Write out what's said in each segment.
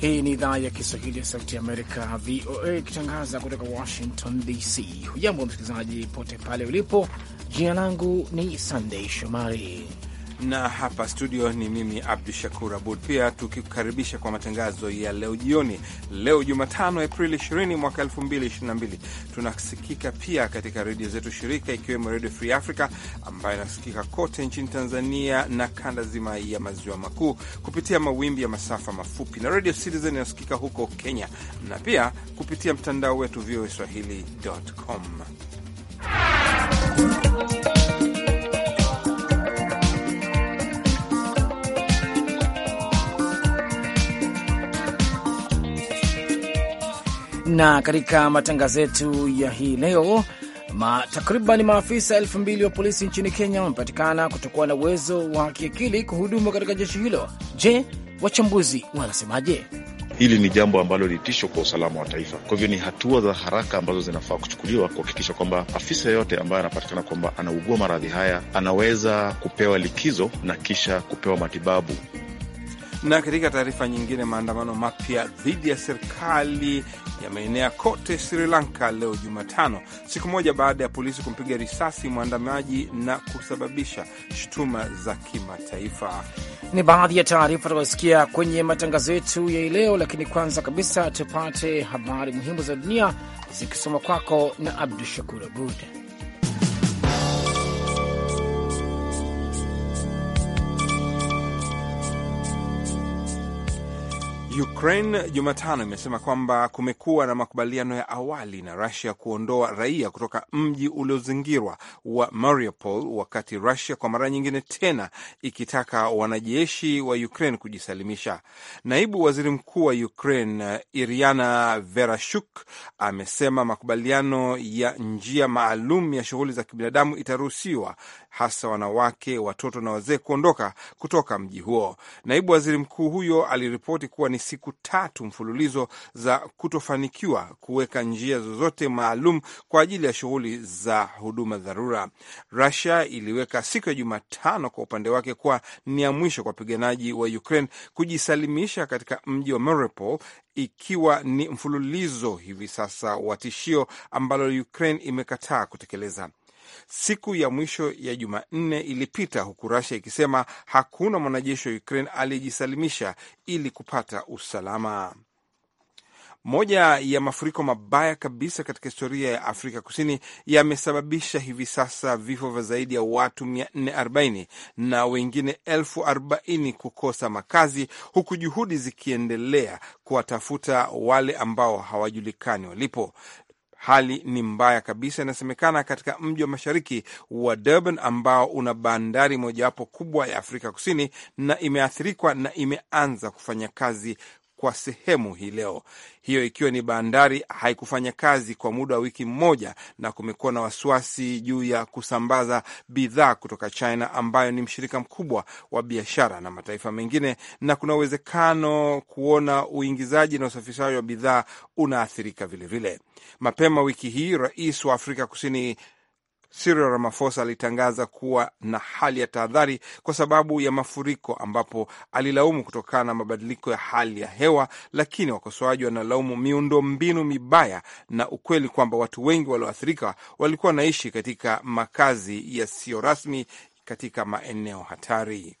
Hii ni idhaa ya Kiswahili ya Sauti ya Amerika, VOA, ikitangaza kutoka Washington DC. Hujambo msikilizaji pote pale ulipo. Jina langu ni Sandei Shomari na hapa studio ni mimi Abdu Shakur Abud, pia tukikukaribisha kwa matangazo ya leo jioni, leo Jumatano Aprili 20 mwaka 2022. Tunasikika pia katika redio zetu shirika, ikiwemo Redio Free Africa ambayo inasikika kote nchini Tanzania na kanda zima ya maziwa makuu kupitia mawimbi ya masafa mafupi, na Redio Citizen inasikika huko Kenya, na pia kupitia mtandao wetu voa swahili.com. na katika matangazo yetu ya hii leo ma, takriban maafisa elfu mbili wa polisi nchini Kenya wamepatikana kutokuwa na uwezo wa kiakili kuhudumu katika jeshi hilo. Je, wachambuzi wanasemaje? Hili ni jambo ambalo ni tisho kwa usalama wa taifa. Kwa hivyo ni hatua za haraka ambazo zinafaa kuchukuliwa kuhakikisha kwamba afisa yeyote ambaye anapatikana kwamba anaugua maradhi haya anaweza kupewa likizo na kisha kupewa matibabu. Na katika taarifa nyingine, maandamano mapya dhidi ya serikali yameenea kote Sri Lanka leo Jumatano, siku moja baada ya polisi kumpiga risasi mwandamaji na kusababisha shutuma za kimataifa. Ni baadhi ya taarifa tunazosikia kwenye matangazo yetu ya leo, lakini kwanza kabisa tupate habari muhimu za dunia zikisoma kwako na Abdu Shakur Abud. Ukraine Jumatano imesema kwamba kumekuwa na makubaliano ya awali na rasia kuondoa raia kutoka mji uliozingirwa wa Mariupol, wakati rasia kwa mara nyingine tena ikitaka wanajeshi wa Ukraine kujisalimisha. Naibu waziri mkuu wa Ukraine Iriana Verashuk amesema makubaliano ya njia maalum ya shughuli za kibinadamu itaruhusiwa, hasa wanawake, watoto na wazee kuondoka kutoka mji huo. Naibu waziri mkuu huyo aliripoti kuwa ni siku tatu mfululizo za kutofanikiwa kuweka njia zozote maalum kwa ajili ya shughuli za huduma dharura. Rusia iliweka siku ya Jumatano kwa upande wake kuwa ni ya mwisho kwa wapiganaji wa Ukraine kujisalimisha katika mji wa Mariupol ikiwa ni mfululizo hivi sasa wa tishio ambalo Ukraine imekataa kutekeleza siku ya mwisho ya Jumanne ilipita, huku rasia ikisema hakuna mwanajeshi wa Ukraine aliyejisalimisha ili kupata usalama. Moja ya mafuriko mabaya kabisa katika historia ya Afrika Kusini yamesababisha hivi sasa vifo vya zaidi ya watu 440 na wengine elfu kukosa makazi, huku juhudi zikiendelea kuwatafuta wale ambao hawajulikani walipo. Hali ni mbaya kabisa, inasemekana katika mji wa mashariki wa Durban ambao una bandari mojawapo kubwa ya Afrika Kusini na imeathirikwa na imeanza kufanya kazi kwa sehemu hii leo, hiyo ikiwa ni bandari haikufanya kazi kwa muda wa wiki mmoja, na kumekuwa na wasiwasi juu ya kusambaza bidhaa kutoka China ambayo ni mshirika mkubwa wa biashara na mataifa mengine, na kuna uwezekano kuona uingizaji na usafirishaji wa bidhaa unaathirika vilevile. Mapema wiki hii rais wa Afrika Kusini Cyril Ramaphosa alitangaza kuwa na hali ya tahadhari kwa sababu ya mafuriko, ambapo alilaumu kutokana na mabadiliko ya hali ya hewa, lakini wakosoaji wanalaumu miundo mbinu mibaya na ukweli kwamba watu wengi walioathirika walikuwa wanaishi katika makazi yasiyo rasmi katika maeneo hatari.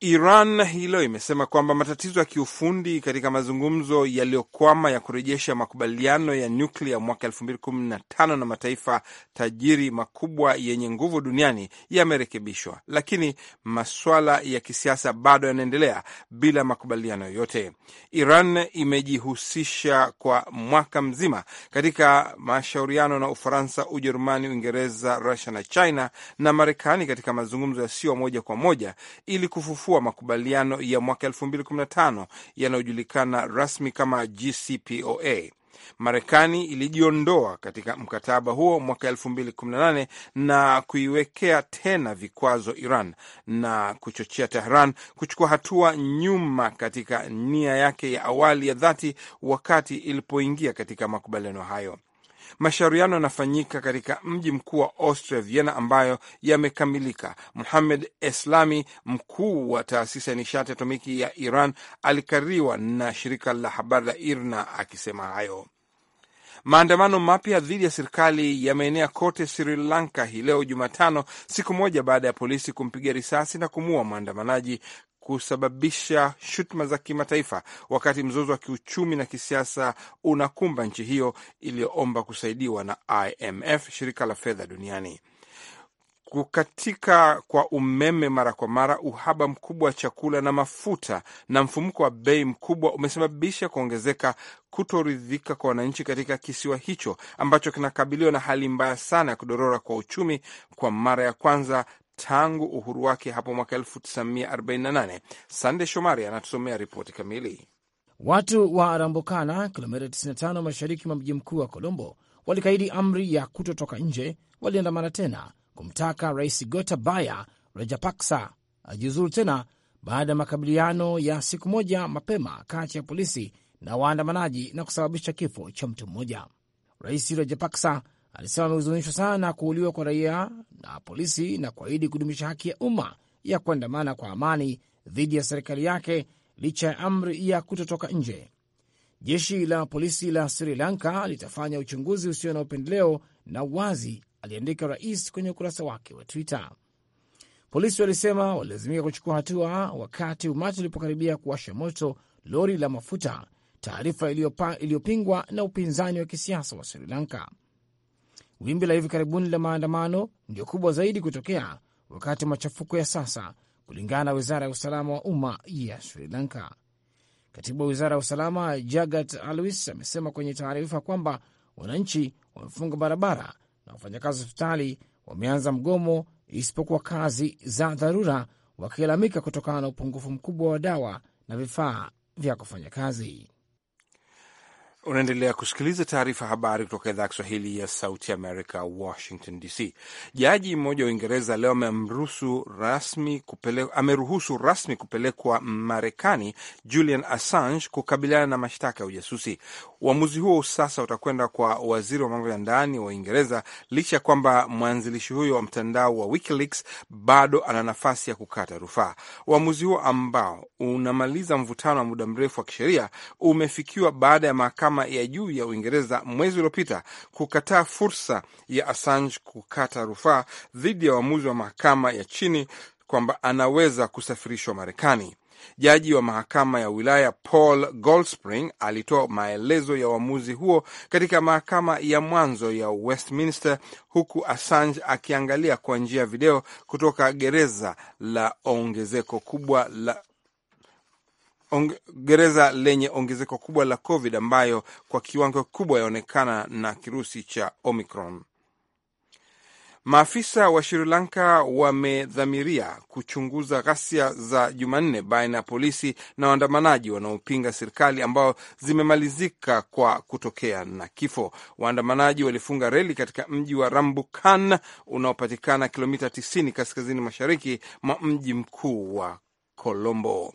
Iran hii leo imesema kwamba matatizo ya kiufundi katika mazungumzo yaliyokwama ya kurejesha makubaliano ya nyuklia mwaka 2015 na mataifa tajiri makubwa yenye nguvu duniani yamerekebishwa, lakini masuala ya kisiasa bado yanaendelea bila makubaliano yoyote. Iran imejihusisha kwa mwaka mzima katika mashauriano na Ufaransa, Ujerumani, Uingereza, Rusia na China na Marekani katika mazungumzo yasiyo moja kwa moja ili kufufu kufufua makubaliano ya mwaka 2015 yanayojulikana rasmi kama JCPOA. Marekani ilijiondoa katika mkataba huo mwaka 2018 na kuiwekea tena vikwazo Iran na kuchochea Tehran kuchukua hatua nyuma katika nia yake ya awali ya dhati wakati ilipoingia katika makubaliano hayo. Mashauriano yanafanyika katika mji mkuu wa Austria, Vienna, ambayo yamekamilika. Muhamed Eslami, mkuu wa taasisi ya nishati atomiki ya Iran, alikaririwa na shirika la habari la IRNA akisema hayo. Maandamano mapya dhidi ya serikali yameenea kote Sri Lanka hii leo Jumatano, siku moja baada ya polisi kumpiga risasi na kumuua mwandamanaji kusababisha shutuma za kimataifa wakati mzozo wa kiuchumi na kisiasa unakumba nchi hiyo iliyoomba kusaidiwa na IMF, shirika la fedha duniani. Kukatika kwa umeme mara kwa mara, uhaba mkubwa wa chakula na mafuta na mfumuko wa bei mkubwa umesababisha kuongezeka kutoridhika kwa wananchi katika kisiwa hicho ambacho kinakabiliwa na hali mbaya sana ya kudorora kwa uchumi kwa mara ya kwanza tangu uhuru wake hapo mwaka 1948. Sande Shomari anatusomea ripoti kamili. Watu wa Arambukana, kilomita 95 mashariki mwa mji mkuu wa Colombo, walikaidi amri ya kutotoka nje. Waliandamana tena kumtaka Rais Gotabaya Rajapaksa ajiuzuru tena baada ya makabiliano ya siku moja mapema kati ya polisi na waandamanaji na kusababisha kifo cha mtu mmoja. Rais Rajapaksa alisema amehuzunishwa sana kuuliwa kwa raia na polisi na kuahidi kudumisha haki ya umma ya kuandamana kwa amani dhidi ya serikali yake licha ya amri ya kutotoka nje. Jeshi la polisi la Sri Lanka litafanya uchunguzi usio na upendeleo na uwazi, aliandika rais kwenye ukurasa wake wa Twitter. Polisi walisema walilazimika kuchukua hatua wakati umati ulipokaribia kuwasha moto lori la mafuta, taarifa iliyopingwa na upinzani wa kisiasa wa Sri Lanka. Wimbi la hivi karibuni la maandamano ndio kubwa zaidi kutokea wakati wa machafuko ya sasa, kulingana na wizara ya usalama wa umma ya Sri Lanka. Katibu wa wizara ya usalama Jagat Alwis amesema kwenye taarifa kwamba wananchi wamefunga barabara na wafanyakazi hospitali wameanza mgomo isipokuwa kazi za dharura, wakilalamika kutokana na upungufu mkubwa wa dawa na vifaa vya kufanya kazi. Unaendelea kusikiliza taarifa habari kutoka idhaa ya Kiswahili ya sauti Amerika, Washington DC. Jaji mmoja wa Uingereza leo ameruhusu rasmi kupelekwa Marekani Julian Assange kukabiliana na mashtaka ya ujasusi. Uamuzi huo sasa utakwenda kwa waziri wa mambo ya ndani wa Uingereza, licha ya kwamba mwanzilishi huyo wa mtandao wa WikiLeaks bado ana nafasi ya kukata rufaa. Uamuzi huo ambao unamaliza mvutano wa muda mrefu wa kisheria umefikiwa baada ya mahakama mahakama ya juu ya Uingereza mwezi uliopita kukataa fursa ya Assange kukata rufaa dhidi ya uamuzi wa mahakama ya chini kwamba anaweza kusafirishwa Marekani. Jaji wa mahakama ya wilaya Paul Goldspring alitoa maelezo ya uamuzi huo katika mahakama ya mwanzo ya Westminster, huku Assange akiangalia kwa njia ya video kutoka gereza la ongezeko kubwa la gereza lenye ongezeko kubwa la COVID ambayo kwa kiwango kikubwa yaonekana na kirusi cha Omicron. Maafisa wa Sri Lanka wamedhamiria kuchunguza ghasia za Jumanne baina ya polisi na waandamanaji wanaopinga serikali ambao zimemalizika kwa kutokea na kifo. Waandamanaji walifunga reli katika mji wa Rambukan unaopatikana kilomita 90 kaskazini mashariki mwa mji mkuu wa Colombo.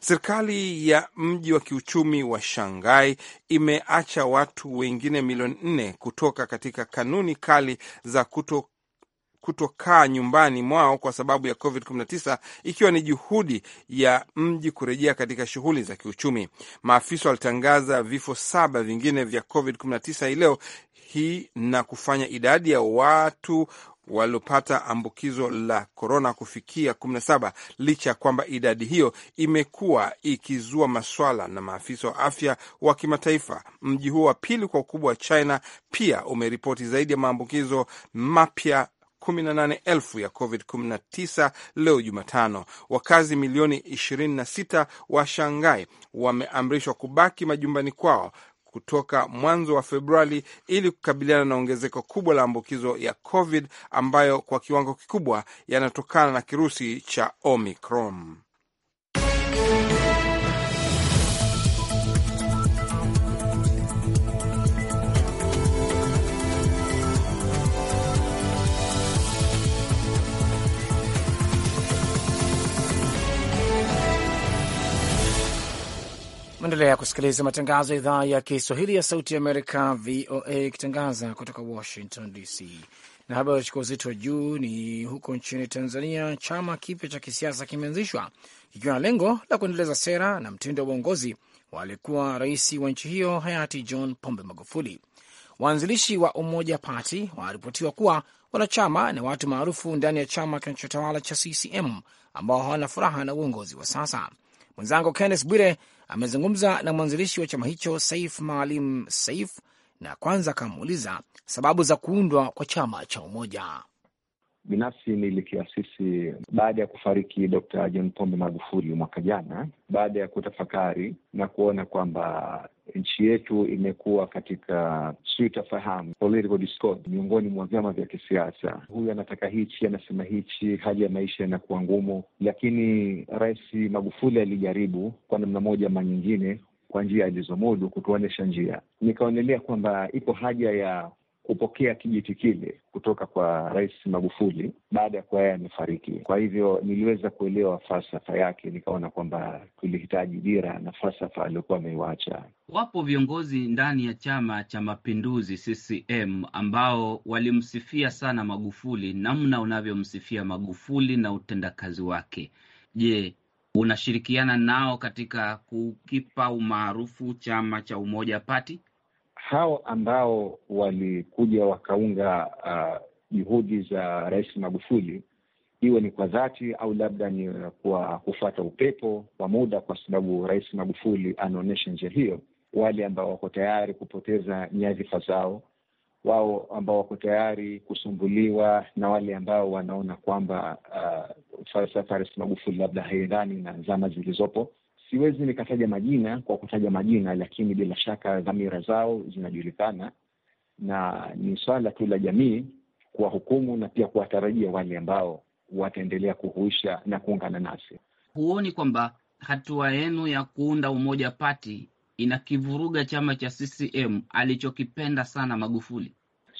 Serikali ya mji wa kiuchumi wa Shanghai imeacha watu wengine milioni nne kutoka katika kanuni kali za kuto kutokaa nyumbani mwao kwa sababu ya COVID-19 ikiwa ni juhudi ya mji kurejea katika shughuli za kiuchumi. Maafisa walitangaza vifo saba vingine vya COVID-19 hii leo hii na kufanya idadi ya watu waliopata ambukizo la korona kufikia 17 licha ya kwamba idadi hiyo imekuwa ikizua maswala na maafisa wa afya wa kimataifa. Mji huo wa pili kwa ukubwa wa China pia umeripoti zaidi ya maambukizo mapya 18,000 ya COVID-19 leo Jumatano. Wakazi milioni 26 wa Shanghai wameamrishwa kubaki majumbani kwao kutoka mwanzo wa Februari ili kukabiliana na ongezeko kubwa la ambukizo ya COVID ambayo kwa kiwango kikubwa yanatokana na kirusi cha Omicron. Maendelea kusikiliza matangazo ya idhaa ya Kiswahili ya Sauti ya Amerika, VOA, ikitangaza kutoka Washington DC. Na habari ya chukua uzito wa juu ni huko nchini Tanzania, chama kipya cha kisiasa kimeanzishwa kikiwa na lengo la kuendeleza sera na mtindo wa uongozi wa aliyekuwa rais wa nchi hiyo hayati John Pombe Magufuli. Waanzilishi wa Umoja Party wanaripotiwa kuwa wanachama na watu maarufu ndani ya chama kinachotawala cha CCM ambao hawana furaha na uongozi wa sasa. Mwenzangu Kenneth Bwire amezungumza na mwanzilishi wa chama hicho Saif Maalim Saif, na kwanza akamuuliza sababu za kuundwa kwa chama cha Umoja. Binafsi nilikiasisi baada ya kufariki Dr. John Pombe Magufuli mwaka jana, baada ya kutafakari na kuona kwamba nchi yetu imekuwa katika sitafahamu political discord miongoni mwa vyama vya kisiasa. Huyu anataka hichi, anasema hichi, hali ya maisha yanakuwa ngumu. Lakini Rais Magufuli alijaribu kwa namna moja ama nyingine, kwa njia alizomudu, kutuonyesha njia. Nikaonelea kwamba ipo haja ya kupokea kijiti kile kutoka kwa Rais Magufuli baada ya kuwa yeye amefariki. Kwa hivyo niliweza kuelewa falsafa yake, nikaona kwamba tulihitaji dira na falsafa aliyokuwa ameiwacha. Wapo viongozi ndani ya Chama cha Mapinduzi CCM ambao walimsifia sana Magufuli, namna unavyomsifia Magufuli na utendakazi wake. Je, unashirikiana nao katika kukipa umaarufu chama cha Umoja Pati? hao ambao walikuja wakaunga uh, juhudi uh, za Rais Magufuli, iwe ni kwa dhati au labda ni uh, kwa kufuata upepo wa muda, kwa sababu Rais Magufuli anaonyesha njia hiyo. Wale ambao wako tayari kupoteza nyadhifa zao, wao ambao wako tayari kusumbuliwa, na wale ambao wanaona kwamba uh, falsafa ya Rais Magufuli labda haiendani na zama zilizopo siwezi nikataja majina kwa kutaja majina, lakini bila shaka dhamira zao zinajulikana, na ni swala tu la jamii kuwahukumu na pia kuwatarajia wale ambao wataendelea kuhuisha na kuungana nasi. Huoni kwamba hatua yenu ya kuunda umoja pati inakivuruga chama cha CCM alichokipenda sana Magufuli?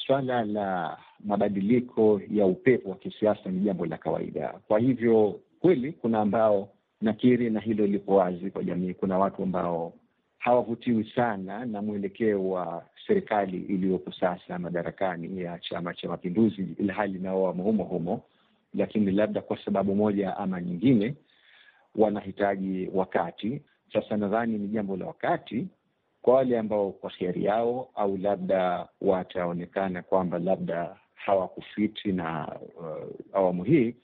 Swala la mabadiliko ya upepo wa kisiasa ni jambo la kawaida. Kwa hivyo kweli kuna ambao nakiri, na hilo lipo wazi kwa jamii. Kuna watu ambao hawavutiwi sana na mwelekeo wa serikali iliyopo sasa madarakani ya Chama cha Mapinduzi, ilhali nao wamo humo humo, lakini labda kwa sababu moja ama nyingine wanahitaji wakati. Sasa nadhani ni jambo la wakati kwa wale ambao kwa heri yao au labda wataonekana kwamba labda hawakufiti na uh, awamu hii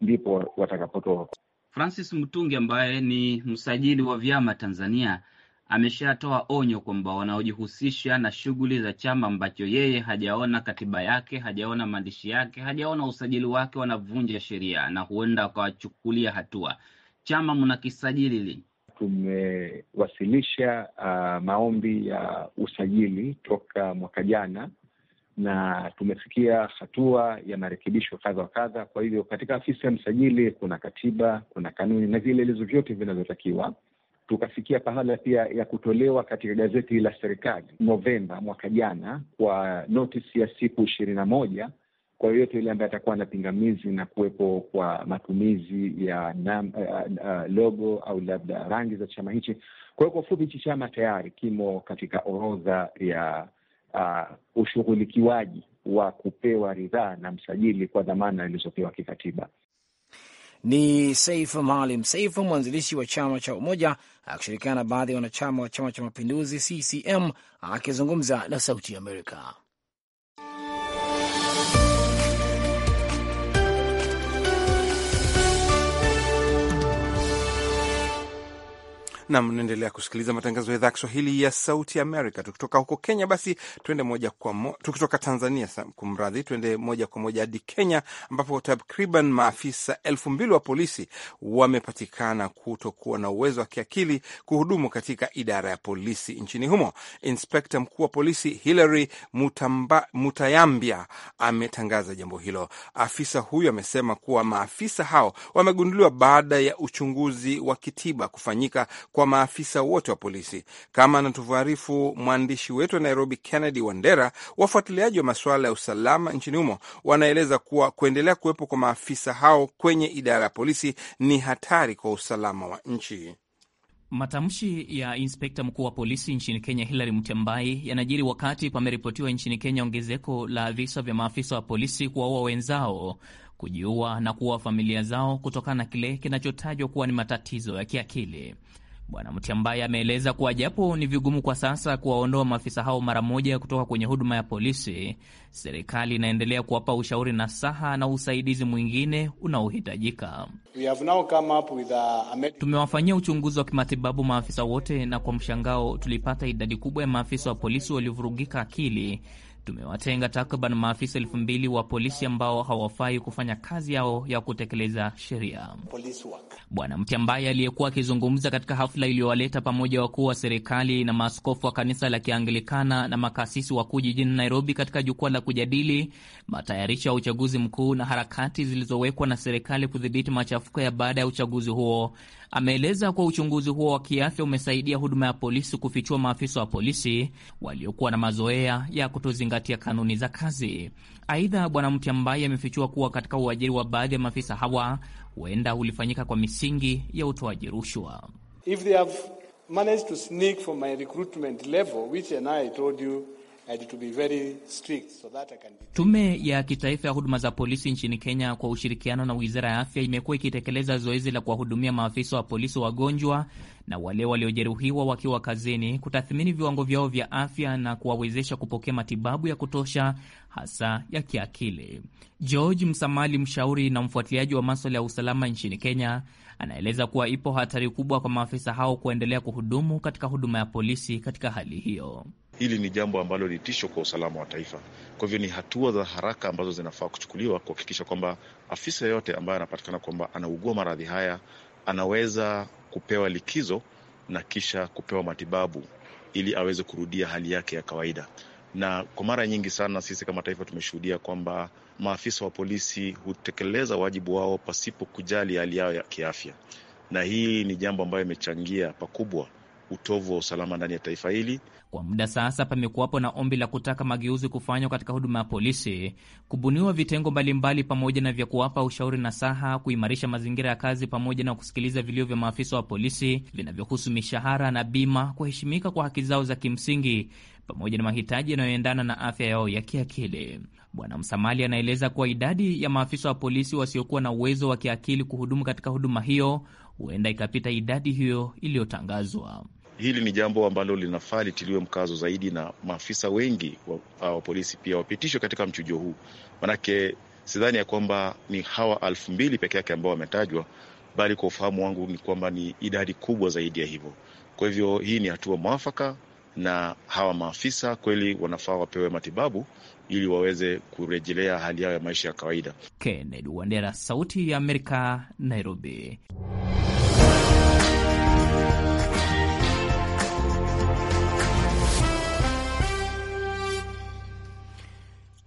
ndipo watakapotoka. Francis Mtungi ambaye ni msajili wa vyama Tanzania ameshatoa onyo kwamba wanaojihusisha na shughuli za chama ambacho yeye hajaona katiba yake, hajaona maandishi yake, hajaona usajili wake, wanavunja sheria na huenda wakawachukulia hatua. Chama mnakisajili lini? Tumewasilisha uh, maombi ya usajili toka mwaka jana na tumefikia hatua ya marekebisho kadha wa kadha. Kwa hivyo katika afisi ya msajili kuna katiba, kuna kanuni na vielelezo vyote vinavyotakiwa. Tukafikia pahala pia ya kutolewa katika gazeti la serikali Novemba mwaka jana kwa notisi ya siku ishirini na moja kwa yoyote yule ambaye atakuwa na pingamizi na kuwepo kwa matumizi ya nam, uh, uh, logo au labda rangi za chama hichi. Kwa hiyo kwa ufupi, hichi chama tayari kimo katika orodha ya uh, ushughulikiwaji wa kupewa ridhaa na msajili kwa dhamana ilizopewa kikatiba. Ni Saif Maalim Saif, mwanzilishi wa chama cha Umoja, akishirikiana na baadhi ya wanachama wa Chama cha Mapinduzi CCM akizungumza na Sauti ya Amerika. na mnaendelea kusikiliza matangazo ya idhaa ya Kiswahili ya Sauti Amerika. Tukitoka huko Kenya, basi tuende moja kwa mo... tukitoka Tanzania kumradhi, tuende moja kwa moja hadi Kenya ambapo takriban maafisa elfu mbili wa polisi wamepatikana kutokuwa na uwezo wa kiakili kuhudumu katika idara ya polisi nchini humo. Inspekta mkuu wa polisi Hilary Mutayambia ametangaza jambo hilo. Afisa huyo amesema kuwa maafisa hao wamegunduliwa baada ya uchunguzi wa kitiba kufanyika kwa kwa maafisa wote wa polisi. Kama anatuvoarifu mwandishi wetu wa Nairobi, Kennedy Wandera, wafuatiliaji wa masuala ya usalama nchini humo wanaeleza kuwa kuendelea kuwepo kwa maafisa hao kwenye idara ya polisi ni hatari kwa usalama wa nchi. Matamshi ya inspekta mkuu wa polisi nchini Kenya Hilary mtembai yanajiri wakati pameripotiwa nchini Kenya ongezeko la visa vya maafisa wa polisi kuwaua wenzao, kujiua na kuua familia zao kutokana na kile kinachotajwa kuwa ni matatizo ya kiakili. Bwana Mtiambaye ameeleza kuwa japo ni vigumu kwa sasa kuwaondoa maafisa hao mara moja kutoka kwenye huduma ya polisi, serikali inaendelea kuwapa ushauri na saha na usaidizi mwingine unaohitajika. Uh, Tumewafanyia uchunguzi wa kimatibabu maafisa wote, na kwa mshangao tulipata idadi kubwa ya maafisa wa polisi waliovurugika akili tumewatenga takriban maafisa elfu mbili wa polisi ambao hawafai kufanya kazi yao ya kutekeleza sheria. Bwana Mtyambaye aliyekuwa akizungumza katika hafla iliyowaleta pamoja wakuu wa serikali na maaskofu wa kanisa la Kianglikana na makasisi wakuu jijini Nairobi katika jukwaa la kujadili matayarisho ya uchaguzi mkuu na harakati zilizowekwa na serikali kudhibiti machafuko ya baada ya uchaguzi huo Ameeleza kuwa uchunguzi huo wa kiafya umesaidia huduma ya polisi kufichua maafisa wa polisi waliokuwa na mazoea ya kutozingatia kanuni za kazi. Aidha, Bwana Mti ambaye amefichua kuwa katika uajiri wa baadhi ya maafisa hawa huenda ulifanyika kwa misingi ya utoaji rushwa. If they have managed to sneak my recruitment level, which and I told you Tume ya Kitaifa ya Huduma za Polisi nchini Kenya kwa ushirikiano na Wizara ya Afya imekuwa ikitekeleza zoezi la kuwahudumia maafisa wa polisi wagonjwa na wale waliojeruhiwa wakiwa kazini, kutathmini viwango vyao vya afya na kuwawezesha kupokea matibabu ya kutosha, hasa ya kiakili. George Msamali, mshauri na mfuatiliaji wa maswala ya usalama nchini Kenya, anaeleza kuwa ipo hatari kubwa kwa maafisa hao kuendelea kuhudumu katika huduma ya polisi katika hali hiyo. Hili ni jambo ambalo ni tisho kwa usalama wa taifa. Kwa hivyo ni hatua za haraka ambazo zinafaa kuchukuliwa kuhakikisha kwamba afisa yeyote ambaye anapatikana kwamba anaugua maradhi haya anaweza kupewa likizo na kisha kupewa matibabu ili aweze kurudia hali yake ya kawaida. Na kwa mara nyingi sana sisi kama taifa tumeshuhudia kwamba maafisa wa polisi hutekeleza wajibu wao pasipo kujali hali yao ya kiafya, na hii ni jambo ambayo imechangia pakubwa utovu wa usalama ndani ya taifa hili. Kwa muda sasa, pamekuwapo na ombi la kutaka mageuzi kufanywa katika huduma ya polisi, kubuniwa vitengo mbalimbali pamoja na vya kuwapa ushauri na saha, kuimarisha mazingira ya kazi pamoja na kusikiliza vilio vya maafisa wa polisi vinavyohusu mishahara na bima, kuheshimika kwa haki zao za kimsingi pamoja na mahitaji yanayoendana na afya yao ya kiakili. Bwana Msamali anaeleza kuwa idadi ya maafisa wa polisi wasiokuwa na uwezo wa kiakili kuhudumu katika huduma hiyo huenda ikapita idadi hiyo iliyotangazwa hili ni jambo ambalo linafaa litiliwe mkazo zaidi na maafisa wengi wa, wa polisi pia wapitishwe katika mchujo huu, manake sidhani ya kwamba ni hawa elfu mbili peke yake ambao wametajwa, bali kwa ufahamu wangu ni kwamba ni idadi kubwa zaidi ya hivyo. Kwa hivyo hii ni hatua mwafaka, na hawa maafisa kweli wanafaa wapewe matibabu ili waweze kurejelea hali yao ya maisha ya kawaida. Kennedy Wandera, Sauti ya Amerika, Nairobi.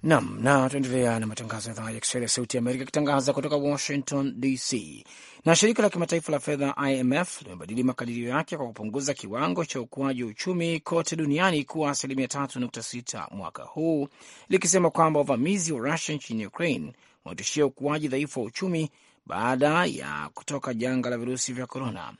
Nam na tuendelea na matangazo ya idhaa ya Kiswahili ya Sauti ya Amerika ikitangaza kutoka Washington DC. Na shirika la kimataifa la fedha IMF limebadili makadirio yake kwa kupunguza kiwango cha ukuaji wa uchumi kote duniani kuwa asilimia 3.6 mwaka huu, likisema kwamba uvamizi wa Rusia nchini Ukraine unatishia ukuaji dhaifu wa uchumi baada ya kutoka janga la virusi vya korona.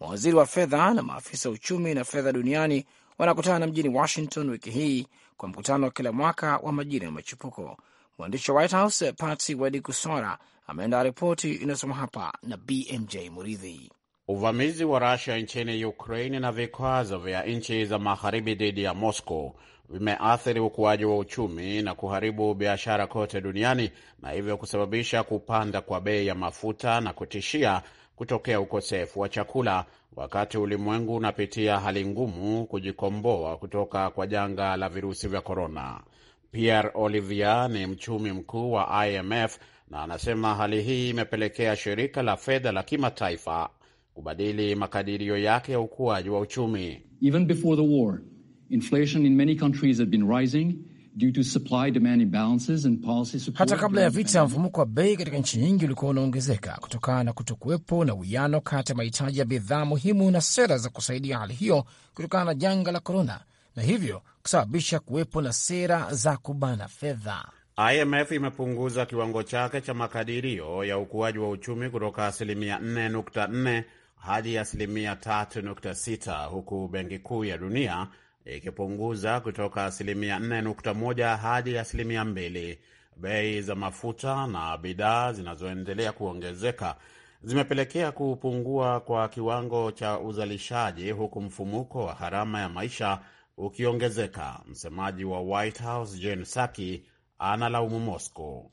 Mawaziri wa fedha na maafisa uchumi na fedha duniani wanakutana mjini Washington wiki hii kwa mkutano wa kila mwaka wa majira ya machipuko. Mwandishi wa White House Patsy Kusora ameandaa ripoti inayosoma hapa na BMJ Muridhi. Uvamizi wa Rusia nchini Ukraini na vikwazo vya nchi za magharibi dhidi ya Moscow vimeathiri ukuaji wa uchumi na kuharibu biashara kote duniani na hivyo kusababisha kupanda kwa bei ya mafuta na kutishia kutokea ukosefu wa chakula, wakati ulimwengu unapitia hali ngumu kujikomboa kutoka kwa janga la virusi vya korona. Pierre Olivier ni mchumi mkuu wa IMF na anasema hali hii imepelekea shirika la fedha la kimataifa kubadili makadirio yake ya ukuaji wa uchumi. Even before the war, inflation in many countries had been rising hata kabla ya vita, mfumuko wa bei katika nchi nyingi ulikuwa unaongezeka kutokana na kutokuwepo na uwiano kati ya mahitaji ya bidhaa muhimu na sera za kusaidia hali hiyo kutokana na janga la korona, na hivyo kusababisha kuwepo na sera za kubana fedha. IMF imepunguza kiwango chake cha makadirio ya ukuaji wa uchumi kutoka asilimia 4.4 hadi asilimia 3.6 huku Benki Kuu ya Dunia ikipunguza kutoka asilimia 4.1 hadi asilimia 2. Bei za mafuta na bidhaa zinazoendelea kuongezeka zimepelekea kupungua kwa kiwango cha uzalishaji huku mfumuko wa gharama ya maisha ukiongezeka. Msemaji wa White House Jen Psaki analaumu Mosco.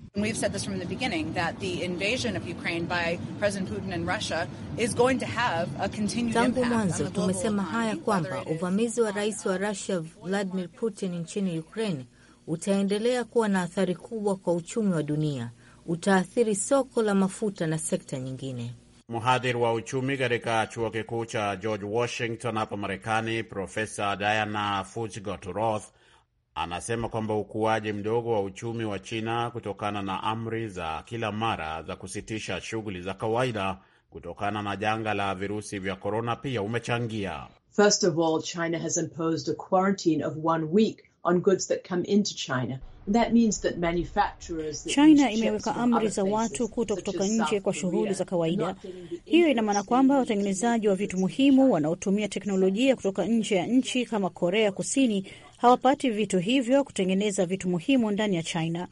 Tangu mwanzo tumesema haya kwamba uvamizi wa rais wa rusia Vladimir Putin nchini Ukraine utaendelea kuwa na athari kubwa kwa uchumi wa dunia, utaathiri soko la mafuta na sekta nyingine. Mhadhiri wa uchumi katika chuo kikuu cha George Washington hapa Marekani, Profesa Diana Foots Anasema kwamba ukuaji mdogo wa uchumi wa China kutokana na amri za kila mara za kusitisha shughuli za kawaida kutokana na janga la virusi vya korona pia umechangia. First of all, China has imposed a quarantine of one week on goods that come into China. That means that manufacturers that China imeweka amri za watu kuto kutoka nje kwa shughuli za kawaida. Hiyo ina maana kwamba watengenezaji wa vitu muhimu wanaotumia teknolojia kutoka nje ya nchi kama Korea Kusini hawapati vitu hivyo kutengeneza vitu muhimu ndani ya China.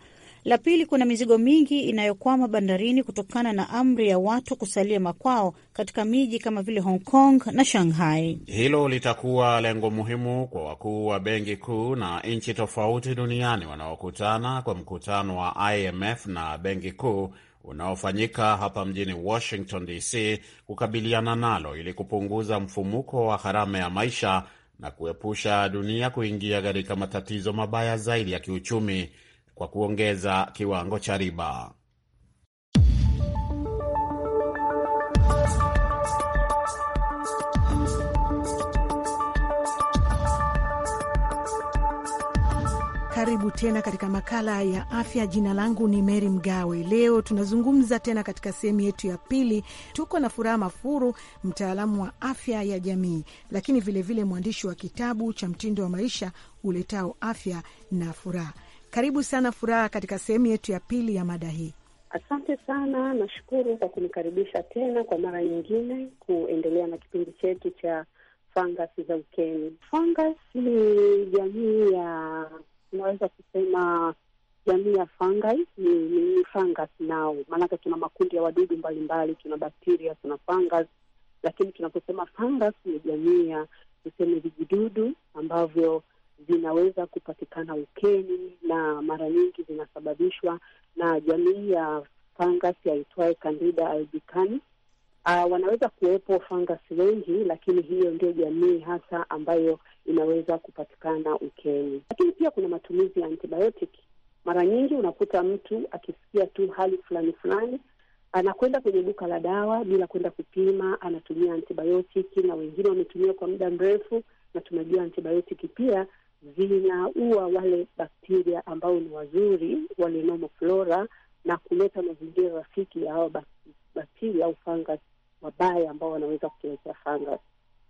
La pili, kuna mizigo mingi inayokwama bandarini kutokana na amri ya watu kusalia makwao katika miji kama vile Hong Kong na Shanghai. Hilo litakuwa lengo muhimu kwa wakuu wa benki kuu na nchi tofauti duniani wanaokutana kwa mkutano wa IMF na benki kuu unaofanyika hapa mjini Washington DC kukabiliana nalo ili kupunguza mfumuko wa gharama ya maisha na kuepusha dunia kuingia katika matatizo mabaya zaidi ya kiuchumi kwa kuongeza kiwango cha riba. Karibu tena katika makala ya afya. Jina langu ni Meri Mgawe. Leo tunazungumza tena katika sehemu yetu ya pili. Tuko na Furaha Mafuru, mtaalamu wa afya ya jamii, lakini vilevile mwandishi wa kitabu cha mtindo wa maisha uletao afya na furaha. Karibu sana Furaha katika sehemu yetu ya pili ya mada hii. Asante sana, nashukuru kwa kunikaribisha tena kwa mara nyingine kuendelea na kipindi chetu cha Fungus za ukeni. Fungus ni jamii ya tunaweza kusema jamii ya fangai ni, ni fungus nao, maanake tuna makundi ya wadudu mbalimbali, tuna bakteria, tuna fungus. Lakini tunaposema fungus ni jamii ya tuseme vijidudu ambavyo vinaweza kupatikana ukeni na mara nyingi vinasababishwa na jamii ya fungus yaitwaye Candida albicans Uh, wanaweza kuwepo fangasi wengi, lakini hiyo ndio jamii hasa ambayo inaweza kupatikana ukeni. Lakini pia kuna matumizi ya antibiotic. Mara nyingi unakuta mtu akisikia tu hali fulani fulani anakwenda kwenye duka la dawa bila kwenda kupima, anatumia antibiotiki, na wengine wametumia kwa muda mrefu, na tunajua antibiotiki pia zinaua wale bakteria ambao ni wazuri, wale normal flora, na kuleta mazingira rafiki ya hawa bakteria au fungus wabaya ambao wanaweza kutuletea fungus.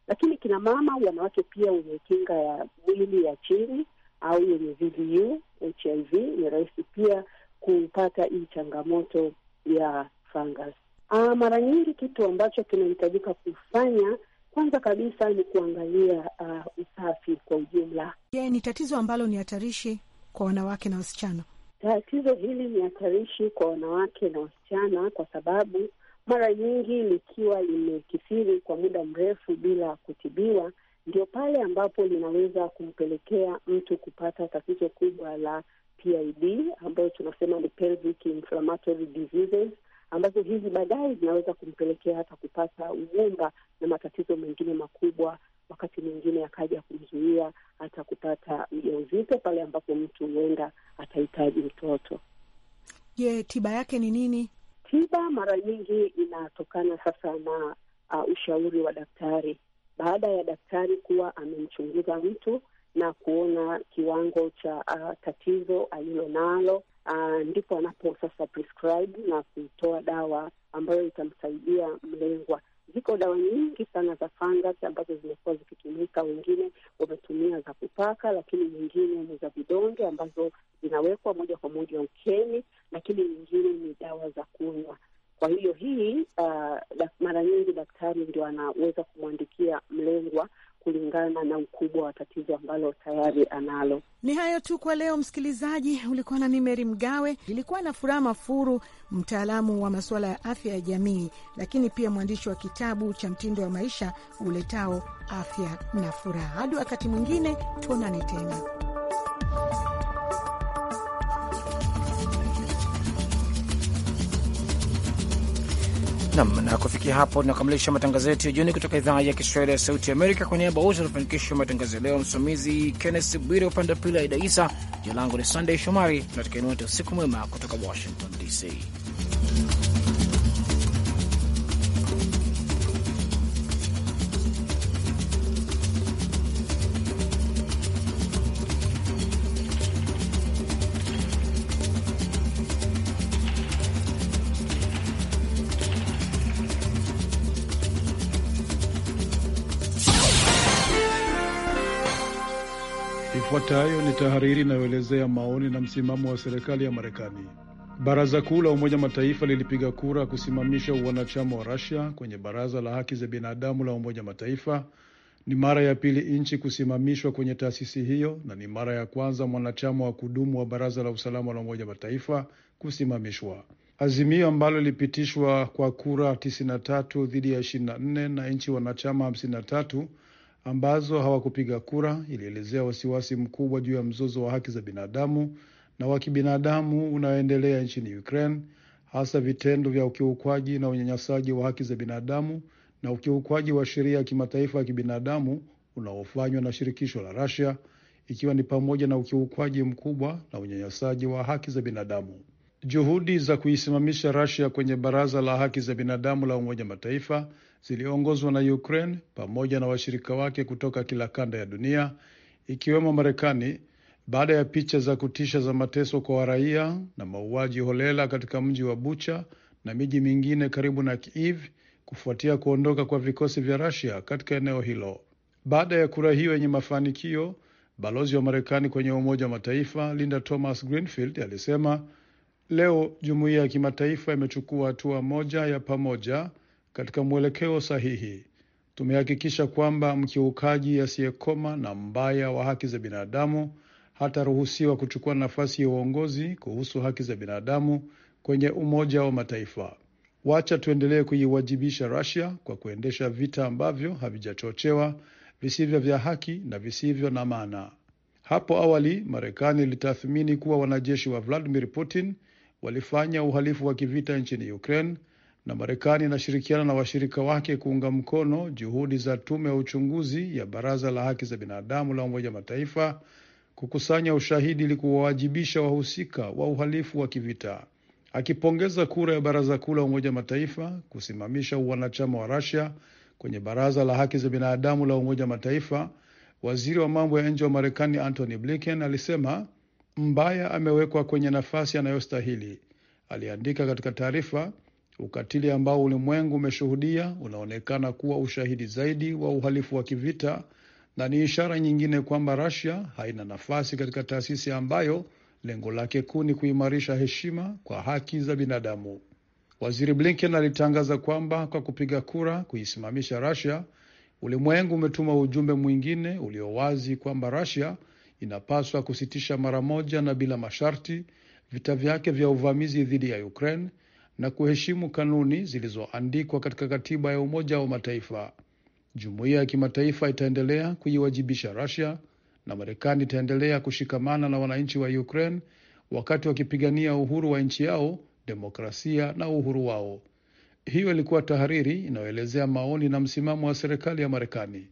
Lakini kina mama, wanawake pia wenye kinga ya mwili ya chini au yenye VVU HIV ni rahisi pia kupata hii changamoto ya fungus. Aa, ah, mara nyingi kitu ambacho kinahitajika kufanya kwanza kabisa ni kuangalia uh, usafi kwa ujumla. Je, ni tatizo ambalo ni hatarishi kwa wanawake na wasichana? Tatizo hili ni hatarishi kwa wanawake na wasichana kwa sababu mara nyingi likiwa limekithiri kwa muda mrefu bila kutibiwa, ndio pale ambapo linaweza kumpelekea mtu kupata tatizo kubwa la PID ambayo tunasema ni pelvic inflammatory diseases, ambazo hizi baadaye zinaweza kumpelekea hata kupata ugumba na matatizo mengine makubwa, wakati mwingine akaja kumzuia hata kupata ujauzito pale ambapo mtu huenda atahitaji mtoto. Je, tiba yake ni nini? tiba mara nyingi inatokana sasa na uh, ushauri wa daktari, baada ya daktari kuwa amemchunguza mtu na kuona kiwango cha uh, tatizo alilonalo uh, ndipo anapo sasa prescribe na kutoa dawa ambayo itamsaidia mlengwa. Ziko dawa nyingi sana za fangasi ambazo zimekuwa zikitumika. Wengine wametumia za kupaka, lakini nyingine ni za vidonge ambazo zinawekwa moja kwa moja ukeni, lakini nyingine ni dawa za kunywa. Kwa hiyo hii uh, mara nyingi daktari ndio anaweza kumwandikia mlengwa kulingana na ukubwa wa tatizo ambalo tayari analo. Ni hayo tu kwa leo, msikilizaji. Ulikuwa nami Meri Mgawe, ilikuwa na Furaha Mafuru, mtaalamu wa masuala ya afya ya jamii, lakini pia mwandishi wa kitabu cha Mtindo wa Maisha Uletao Afya na Furaha. Hadi wakati mwingine, tuonane tena. nam. Na kufikia hapo tunakamilisha matangazo yetu ya jioni kutoka idhaa ya Kiswahili ya Sauti Amerika. Kwa niaba wote wanafanikisha matangazo ya leo, msimamizi Kenneth Bwire, upande wa pili Aida Isa. Jina langu ni Sunday Shomari, tunatakieni wote usiku mwema kutoka Washington DC. tahariri inayoelezea maoni na msimamo wa serikali ya Marekani. Baraza Kuu la Umoja Mataifa lilipiga kura kusimamisha uwanachama wa rasia kwenye Baraza la Haki za Binadamu la Umoja Mataifa. Ni mara ya pili nchi kusimamishwa kwenye taasisi hiyo na ni mara ya kwanza mwanachama wa kudumu wa Baraza la Usalama la Umoja Mataifa kusimamishwa. Azimio ambalo lilipitishwa kwa kura 93 dhidi ya 24 na nchi wanachama 53 ambazo hawakupiga kura ilielezea wasiwasi mkubwa juu ya mzozo wa haki za binadamu na wa kibinadamu unaoendelea nchini Ukraine, hasa vitendo vya ukiukwaji na unyanyasaji wa haki za binadamu na ukiukwaji wa sheria ya kimataifa ya kibinadamu unaofanywa na shirikisho la Russia, ikiwa ni pamoja na ukiukwaji mkubwa na unyanyasaji wa haki za binadamu. Juhudi za kuisimamisha Russia kwenye Baraza la Haki za Binadamu la Umoja Mataifa ziliongozwa na Ukraine pamoja na washirika wake kutoka kila kanda ya dunia ikiwemo Marekani baada ya picha za kutisha za mateso kwa waraia na mauaji holela katika mji wa Bucha na miji mingine karibu na Kiev kufuatia kuondoka kwa vikosi vya Russia katika eneo hilo. Baada ya kura hiyo yenye mafanikio, balozi wa Marekani kwenye Umoja wa Mataifa Linda Thomas Greenfield alisema leo jumuiya ya kimataifa imechukua hatua moja ya pamoja katika mwelekeo sahihi. Tumehakikisha kwamba mkiukaji asiyekoma na mbaya wa haki za binadamu hataruhusiwa kuchukua nafasi ya uongozi kuhusu haki za binadamu kwenye Umoja wa Mataifa. Wacha tuendelee kuiwajibisha Russia kwa kuendesha vita ambavyo havijachochewa, visivyo vya haki na visivyo na maana. Hapo awali Marekani ilitathmini kuwa wanajeshi wa Vladimir Putin walifanya uhalifu wa kivita nchini Ukraine na Marekani inashirikiana na washirika wake kuunga mkono juhudi za tume ya uchunguzi ya Baraza la Haki za Binadamu la Umoja Mataifa kukusanya ushahidi ili kuwawajibisha wahusika wa uhalifu wa kivita. Akipongeza kura ya Baraza Kuu la Umoja Mataifa kusimamisha uwanachama wa rasia kwenye Baraza la Haki za Binadamu la Umoja Mataifa, waziri wa mambo ya nje wa Marekani Antony Blinken alisema mbaya amewekwa kwenye nafasi anayostahili, aliandika katika taarifa Ukatili ambao ulimwengu umeshuhudia unaonekana kuwa ushahidi zaidi wa uhalifu wa kivita na ni ishara nyingine kwamba Russia haina nafasi katika taasisi ambayo lengo lake kuu ni kuimarisha heshima kwa haki za binadamu. Waziri Blinken alitangaza kwamba kwa kupiga kura kuisimamisha Russia, ulimwengu umetuma ujumbe mwingine ulio wazi kwamba Russia inapaswa kusitisha mara moja na bila masharti vita vyake vya uvamizi dhidi ya Ukraine na kuheshimu kanuni zilizoandikwa katika katiba ya Umoja wa Mataifa. Jumuiya ya kimataifa itaendelea kuiwajibisha rasia na Marekani itaendelea kushikamana na wananchi wa Ukraine wakati wakipigania uhuru wa nchi yao, demokrasia na uhuru wao. Hiyo ilikuwa tahariri inayoelezea maoni na msimamo wa serikali ya Marekani.